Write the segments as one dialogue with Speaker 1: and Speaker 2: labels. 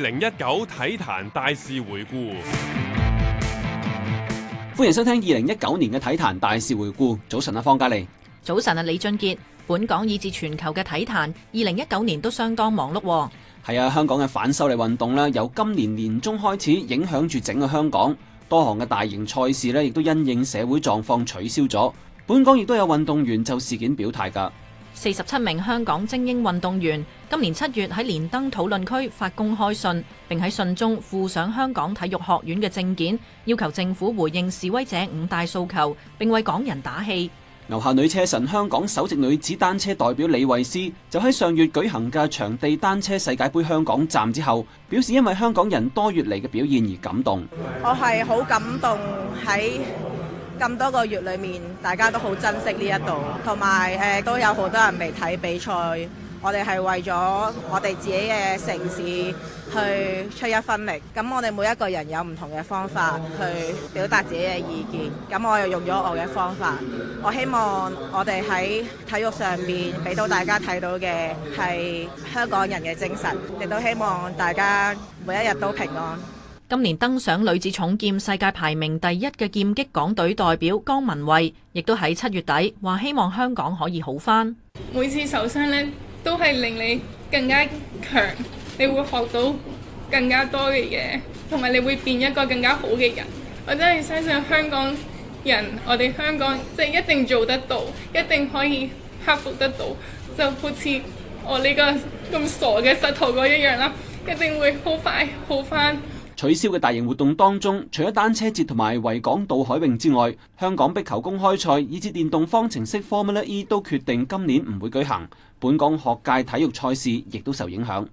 Speaker 1: 二零一九體壇大事回顧，歡迎收聽二零一九年嘅體壇大事回顧。早晨啊，方嘉莉，
Speaker 2: 早晨啊，李俊傑。本港以至全球嘅體壇，二零一九年都相當忙碌。
Speaker 1: 係啊，香港嘅反修例運動呢，由今年年中開始影響住整個香港。多項嘅大型賽事呢，亦都因應社會狀況取消咗。本港亦都有運動員就事件表態噶。
Speaker 2: 四十七名香港精英運動員今年七月喺連登討論區發公開信，並喺信中附上香港體育學院嘅證件，要求政府回應示威者五大訴求，並為港人打氣。
Speaker 1: 牛下女車神香港首席女子單車代表李慧詩就喺上月舉行嘅場地單車世界盃香港站之後，表示因為香港人多月嚟嘅表現而感動。
Speaker 2: 我係好感動喺。咁多個月裏面，大家都好珍惜呢一度，同埋誒都有好多人未睇比賽。我哋係為咗我哋自己嘅城市去出一分力。咁我哋每一個人有唔同嘅方法去表達自己嘅意見。咁我又用咗我嘅方法。我希望我哋喺體育上面俾到大家睇到嘅係香港人嘅精神，亦都希望大家每一日都平安。今年登上女子重劍世界排名第一嘅劍擊港隊代表江文慧，亦都喺七月底話希望香港可以好返。每次受傷咧，都係令你更加強，你會學到更加多嘅嘢，同埋你會變一個更加好嘅人。我真係相信香港人，我哋香港即係、就是、一定做得到，一定可以克服得到。就好似我呢個咁傻嘅膝頭哥一樣啦，一定會好快好返。
Speaker 1: 取消嘅大型活動當中，除咗單車節同埋維港渡海泳之外，香港壁球公開賽以及電動方程式 Formula E 都決定今年唔會舉行。本港學界體育賽事亦都受影響。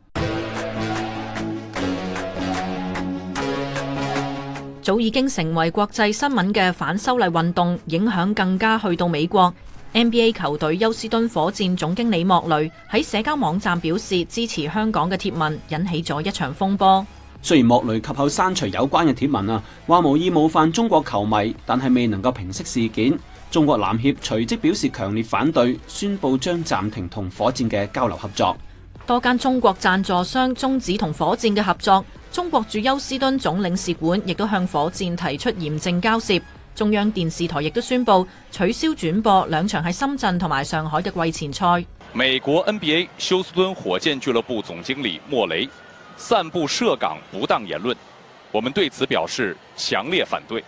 Speaker 2: 早已經成為國際新聞嘅反修例運動影響更加去到美國 NBA 球隊休斯敦火箭總經理莫雷喺社交網站表示支持香港嘅貼文，引起咗一場風波。
Speaker 1: 雖然莫雷及後刪除有關嘅貼文啊，話無意冒犯中國球迷，但係未能夠平息事件。中國籃協隨即表示強烈反對，宣布將暫停同火箭嘅交流合作。
Speaker 2: 多間中國贊助商終止同火箭嘅合作，中國駐休斯敦總領事館亦都向火箭提出嚴正交涉。中央電視台亦都宣布取消轉播兩場喺深圳同埋上海嘅季前賽。美國
Speaker 1: NBA 休斯敦火箭俱樂部總經理莫雷。散佈涉港不當言論，我們對此表示強烈反對，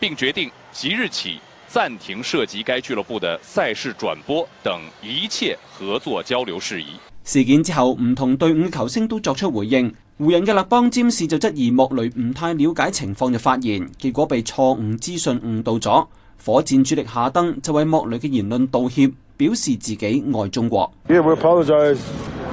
Speaker 1: 並決定即日起暫停涉及該俱樂部的賽事轉播等一切合作交流事宜。事件之後，唔同隊伍球星都作出回應。湖人嘅勒邦占士就質疑莫雷唔太了解情況就發言，結果被錯誤資訊誤導咗。火箭主力夏登就為莫雷嘅言論道歉，表示自己愛中國。Yeah, we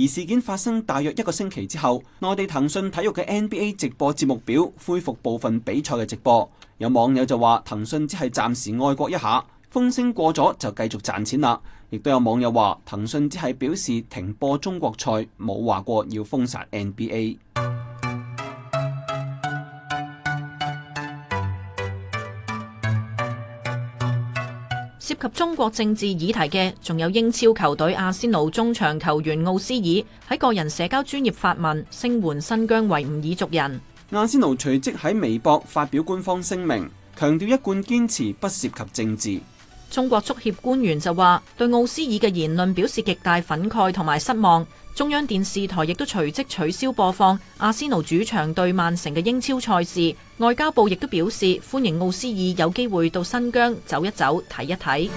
Speaker 1: 而事件發生大約一個星期之後，內地騰訊體育嘅 NBA 直播節目表恢復部分比賽嘅直播。有網友就話：騰訊只係暫時愛國一下，風聲過咗就繼續賺錢啦。亦都有網友話：騰訊只係表示停播中國賽，冇話過要封殺 NBA。
Speaker 2: 及中國政治議題嘅，仲有英超球隊阿仙奴中場球員奧斯爾喺個人社交專業發文，聲援新疆維吾爾族人。
Speaker 1: 阿仙奴隨即喺微博發表官方聲明，強調一貫堅持不涉及政治。
Speaker 2: 中國足協官員就話對奧斯爾嘅言論表示極大憤慨同埋失望。中央電視台亦都隨即取消播放阿仙奴主場對曼城嘅英超賽事。外交部亦都表示歡迎奧斯爾有機會到新疆走一走、睇一睇。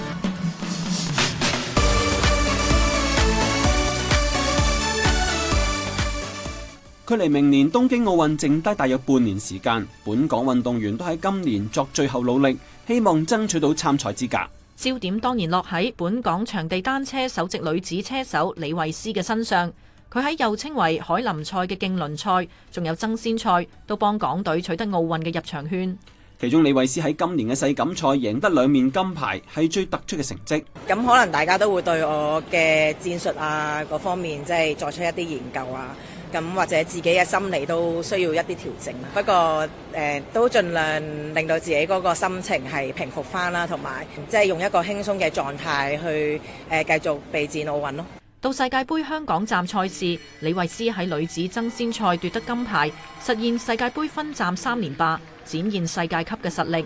Speaker 1: 距離明年東京奧運剩低大約半年時間，本港運動員都喺今年作最後努力，希望爭取到參賽資格。
Speaker 2: 焦點當然落喺本港場地單車首席女子車手李慧詩嘅身上，佢喺又稱為海林賽嘅競輪賽，仲有爭先賽，都幫港隊取得奧運嘅入場券。
Speaker 1: 其中李慧詩喺今年嘅世錦賽贏得兩面金牌，係最突出嘅成績。
Speaker 2: 咁可能大家都會對我嘅戰術啊各方面，即係作出一啲研究啊。咁或者自己嘅心理都需要一啲調整，不過誒，都盡量令到自己嗰個心情係平復翻啦，同埋即係用一個輕鬆嘅狀態去誒，繼續備戰奧運咯。到世界盃香港站賽事，李慧詩喺女子爭先賽奪得金牌，實現世界盃分站三連霸，展現世界級嘅實力。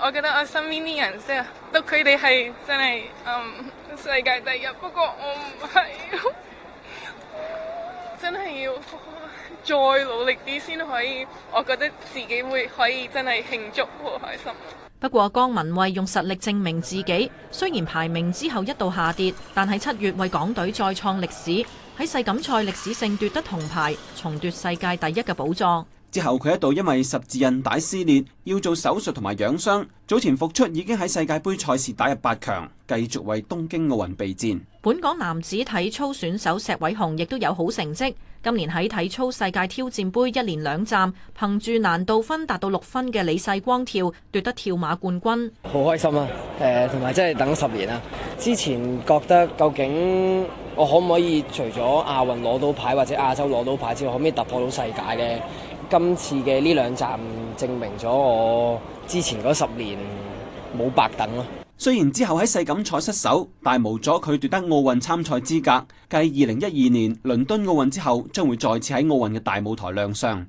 Speaker 2: 我覺得我身邊啲人即係，都佢哋係真係嗯世界第一，不過我唔係，真係要再努力啲先可以。我覺得自己會可以真係慶祝，好開心。不過江旻憓用實力證明自己，雖然排名之後一度下跌，但係七月為港隊再創歷史，喺世錦賽歷史性奪得銅牌，重奪世界第一嘅寶座。
Speaker 1: 之後佢一度，因為十字韌帶撕裂要做手術同埋養傷。早前復出已經喺世界杯賽事打入八強，繼續為東京奧運備戰。
Speaker 2: 本港男子體操選手石偉雄亦都有好成績，今年喺體操世界挑戰杯一連兩站，憑住難度分達到六分嘅李世光跳奪得跳馬冠軍，好開心啊！誒，同埋真係等十年啊！之前覺得
Speaker 1: 究竟我可唔可以除咗亞運攞到牌或者亞洲攞到牌之外，可唔可以突破到世界咧？今次嘅呢兩站證明咗我之前嗰十年冇白等咯。雖然之後喺世錦賽失手，但無阻佢奪得奧運參賽資格，繼二零一二年倫敦奧運之後，將會再次喺奧運嘅大舞台亮相。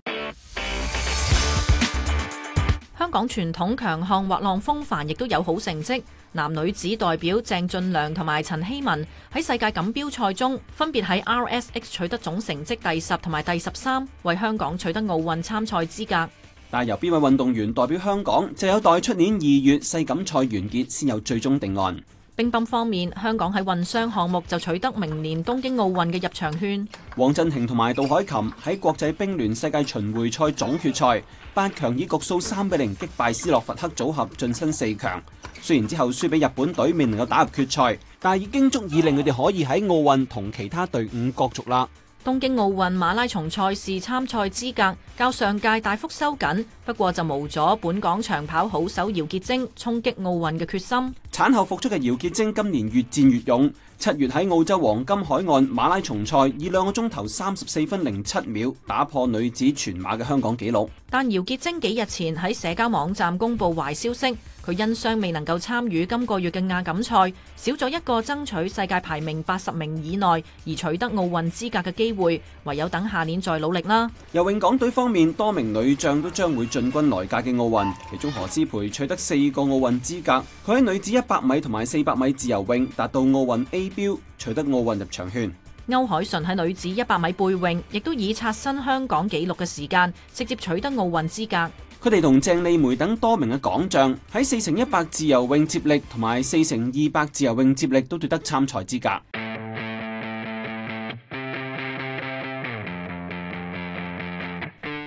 Speaker 2: 香港傳統強項滑浪風帆亦都有好成績。男女子代表鄭俊良同埋陳希文喺世界錦標賽中，分別喺 RSX 取得總成績第十同埋第十三，為香港取得奧運參賽資格。
Speaker 1: 但係由邊位運動員代表香港，就有待出年二月世錦賽完結先有最終定案。
Speaker 2: 乒乓方面，香港喺混雙項目就取得明年東京奧運嘅入場券。
Speaker 1: 黃鎮廷同埋杜凱琹喺國際乒聯世界巡回賽總決賽八強以局數三比零擊敗斯洛伐克組合，晉身四強。雖然之後輸俾日本隊，未能夠打入決賽，但係已經足以令佢哋可以喺奧運同其他隊伍角逐啦。
Speaker 2: 東京奧運馬拉松賽事參賽資格較上屆大幅收緊，不過就冇咗本港長跑好手姚潔貞衝擊奧運嘅決心。
Speaker 1: 產後復出嘅姚潔貞今年越戰越勇。七月喺澳洲黃金海岸馬拉松賽以兩個鐘頭三十四分零七秒打破女子全馬嘅香港紀錄，
Speaker 2: 但姚潔貞幾日前喺社交網站公布壞消息，佢因傷未能夠參與今個月嘅亞錦賽，少咗一個爭取世界排名八十名以內而取得奧運資格嘅機會，唯有等下年再努力啦。
Speaker 1: 游泳港隊方面，多名女將都將會進軍來屆嘅奧運，其中何詩蓓取得四個奧運資格，佢喺女子一百米同埋四百米自由泳達到奧運 A。標取得奧運入場券。
Speaker 2: 歐海純喺女子一百米背泳亦都以刷新香港紀錄嘅時間，直接取得奧運資格。
Speaker 1: 佢哋同鄭麗梅等多名嘅港將喺四乘一百自由泳接力同埋四乘二百自由泳接力都奪得參賽資格。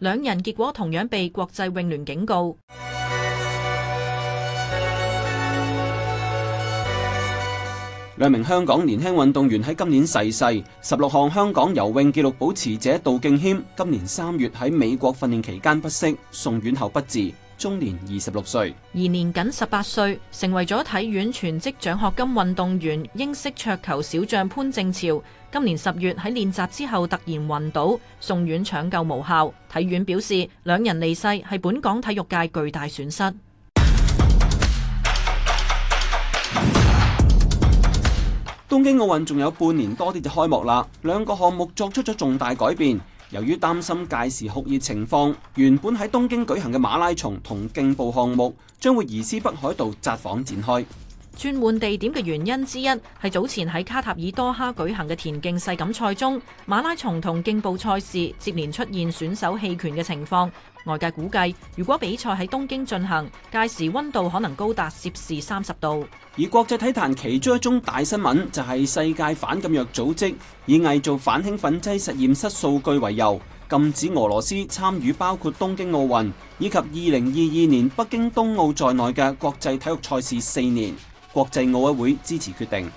Speaker 2: 兩人結果同樣被國際泳聯警告。
Speaker 1: 兩名香港年輕運動員喺今年逝世，世，十六項香港游泳記錄保持者杜敬謙，今年三月喺美國訓練期間不適，送院後不治，終年二十六歲。
Speaker 2: 而年僅十八歲，成為咗體院全職獎學金運動員、英式桌球小將潘正潮，今年十月喺練習之後突然暈倒，送院搶救無效，體院表示兩人離世係本港體育界巨大損失。
Speaker 1: 東京奧運仲有半年多啲就開幕啦，兩個項目作出咗重大改變，由於擔心屆時酷熱情況，原本喺東京舉行嘅馬拉松同競步項目將會移師北海道札幌展開。
Speaker 2: 轉換地點嘅原因之一係早前喺卡塔爾多哈舉行嘅田徑世錦賽中，馬拉松同競步賽事接連出現選手棄權嘅情況。外界估計，如果比賽喺東京進行，屆時溫度可能高達攝氏三十度。
Speaker 1: 而國際體壇其中一宗大新聞就係世界反禁藥組織以偽造反興奮劑實驗室數據為由，禁止俄羅斯參與包括東京奧運以及二零二二年北京冬奧在內嘅國際體育賽事四年。國際奧委會支持決定。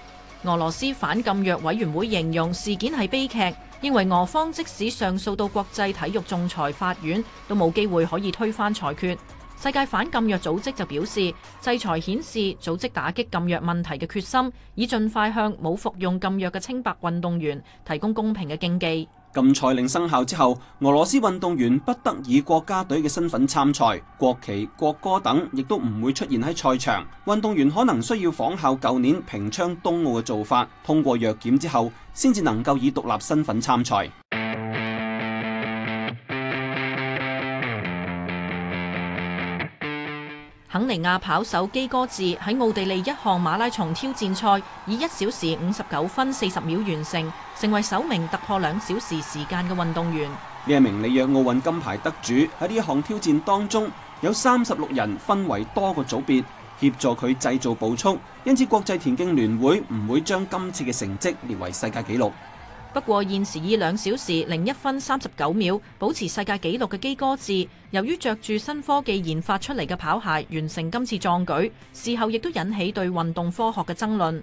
Speaker 2: 俄羅斯反禁藥委員會形容事件係悲劇，認為俄方即使上訴到國際體育仲裁法院，都冇機會可以推翻裁決。世界反禁藥組織就表示，制裁顯示組織打擊禁藥問題嘅決心，以盡快向冇服用禁藥嘅清白運動員提供公平嘅競技。
Speaker 1: 禁賽令生效之後，俄羅斯運動員不得以國家隊嘅身份參賽，國旗、國歌等亦都唔會出現喺賽場。運動員可能需要仿效舊年平昌冬奧嘅做法，通過藥檢之後，先至能夠以獨立身份參賽。
Speaker 2: 肯尼亞跑手基哥志喺奧地利一項馬拉松挑戰賽，以一小時五十九分四十秒完成，成為首名突破兩小時時間嘅運動員。
Speaker 1: 呢一名里約奧運金牌得主喺呢一項挑戰當中，有三十六人分為多個組別協助佢製造步速，因此國際田徑聯會唔會將今次嘅成績列為世界紀錄。
Speaker 2: 不過現時以兩小時零一分三十九秒保持世界紀錄嘅基哥志。由於着住新科技研發出嚟嘅跑鞋完成今次壯舉，事後亦都引起對運動科學嘅爭論。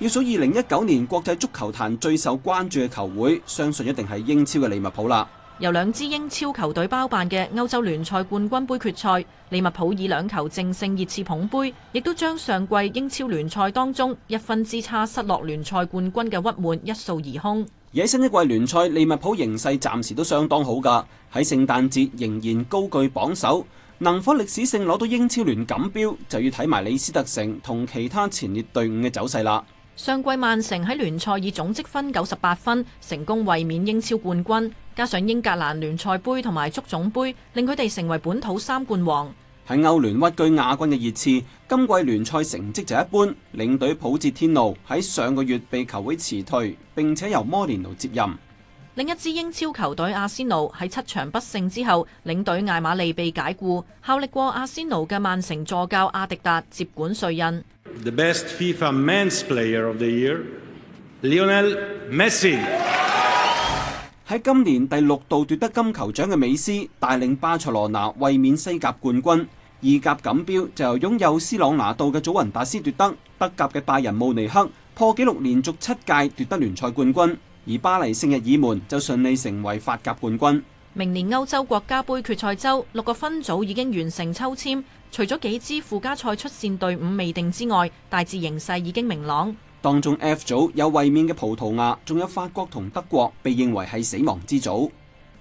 Speaker 1: 要數二零一九年國際足球壇最受關注嘅球會，相信一定係英超嘅利物浦啦。
Speaker 2: 由兩支英超球隊包辦嘅歐洲聯賽冠軍杯決賽，利物浦以兩球正勝熱刺捧杯，亦都將上季英超聯賽當中一分之差失落聯賽冠軍嘅鬱悶一掃而空。
Speaker 1: 而喺新一季聯賽，利物浦形勢暫時都相當好噶，喺聖誕節仍然高居榜首。能否歷史性攞到英超聯錦標，就要睇埋李斯特城同其他前列隊伍嘅走勢啦。
Speaker 2: 上季曼城喺聯賽以總積分九十八分成功衛冕英超冠軍。加上英格蘭聯賽杯同埋足總杯，令佢哋成為本土三冠王。
Speaker 1: 喺歐聯屈居亞軍嘅熱刺，今季聯賽成績就一般。領隊普捷天奴喺上個月被球會辭退，並且由摩連奴接任。
Speaker 2: 另一支英超球隊阿仙奴喺七場不勝之後，領隊艾馬利被解僱，效力過阿仙奴嘅曼城助教阿迪達接管帥印。
Speaker 1: The best FIFA men's player of the year, Lionel Messi. 喺今年第六度奪得金球獎嘅美斯，帶領巴塞羅那衛冕西甲冠軍；意甲錦標就由擁有斯朗拿度嘅祖雲達斯奪得；德甲嘅拜仁慕尼黑破紀錄連續七屆奪得聯賽冠軍；而巴黎聖日耳門就順利成為法甲冠軍。
Speaker 2: 明年歐洲國家杯決賽周六個分組已經完成抽籤，除咗幾支附加賽出線隊伍未定之外，大致形勢已經明朗。
Speaker 1: 當中 F 組有衛冕嘅葡萄牙，仲有法國同德國被認為係死亡之組。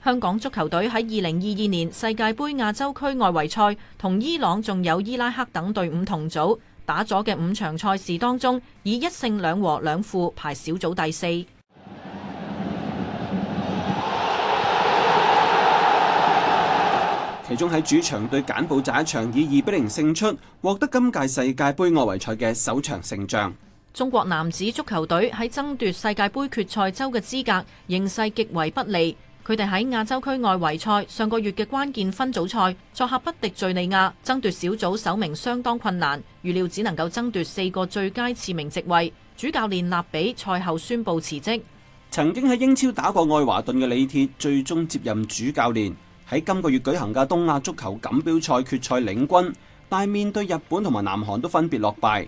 Speaker 2: 香港足球隊喺二零二二年世界盃亞洲區外圍賽同伊朗仲有伊拉克等隊伍同組打咗嘅五場賽事當中，以一勝兩和兩負排小組第四。
Speaker 1: 其中喺主場對柬埔寨一場以二比零勝出，獲得今屆世界盃外圍賽嘅首場勝仗。
Speaker 2: 中國男子足球隊喺爭奪世界杯決賽周嘅資格，形勢極為不利。佢哋喺亞洲區外圍賽上個月嘅關鍵分組賽，作客不敵敘利亞，爭奪小組首名相當困難。預料只能夠爭奪四個最佳次名席位。主教練列比賽後宣布辭職。
Speaker 1: 曾經喺英超打過愛華頓嘅李鐵，最終接任主教練。喺今個月舉行嘅東亞足球錦標賽決賽領軍，但面對日本同埋南韓都分別落敗。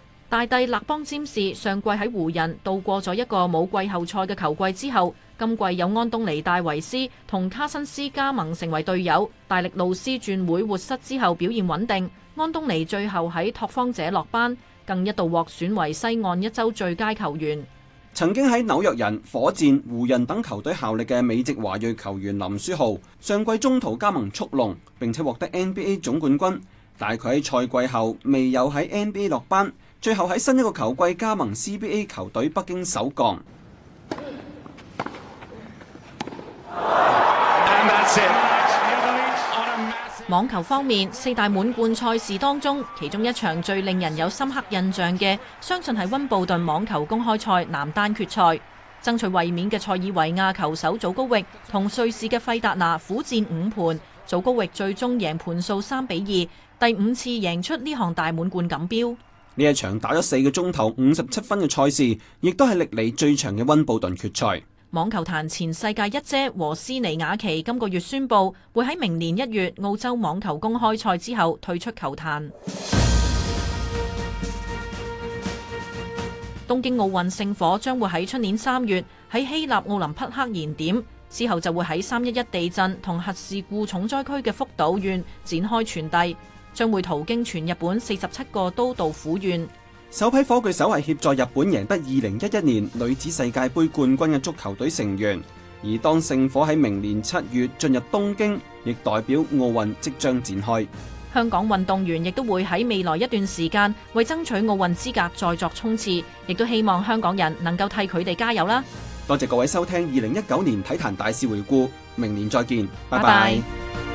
Speaker 2: 大帝勒邦占士上季喺湖人渡過咗一個冇季後賽嘅球季之後，今季有安東尼戴維斯同卡辛斯加盟成為隊友。大力路斯轉會活塞之後表現穩定，安東尼最後喺拓荒者落班，更一度獲選為西岸一周最佳球員。
Speaker 1: 曾經喺紐約人、火箭、湖人等球隊效力嘅美籍華裔球員林書豪，上季中途加盟速龍，並且獲得 NBA 總冠軍，但係佢喺賽季後未有喺 NBA 落班。最後喺新一個球季加盟 CBA 球隊北京首鋼。
Speaker 2: 網球方面，四大滿貫賽事當中，其中一場最令人有深刻印象嘅，相信係溫布頓網球公開賽男單決賽，爭取衛冕嘅塞爾維亞球手祖高域同瑞士嘅費達拿苦戰五盤，祖高域最終贏盤數三比二，第五次贏出呢項大滿貫錦標。
Speaker 1: 呢一場打咗四個鐘頭五十七分嘅賽事，亦都係歷嚟最長嘅溫布頓決賽。
Speaker 2: 網球壇前世界一姐和斯尼雅奇今個月宣布會喺明年一月澳洲網球公開賽之後退出球壇。東京奧運聖火將會喺出年三月喺希臘奧林匹克燃點，之後就會喺三一一地震同核事故重災區嘅福島縣展開傳遞。將會途經全日本四十七個都道府縣。
Speaker 1: 首批火炬手係協助日本贏得二零一一年女子世界杯冠軍嘅足球隊成員，而當聖火喺明年七月進入東京，亦代表奧運即將展開。
Speaker 2: 香港運動員亦都會喺未來一段時間為爭取奧運資格再作衝刺，亦都希望香港人能夠替佢哋加油啦。
Speaker 1: 多謝各位收聽二零一九年體壇大事回顧，明年再見，拜拜。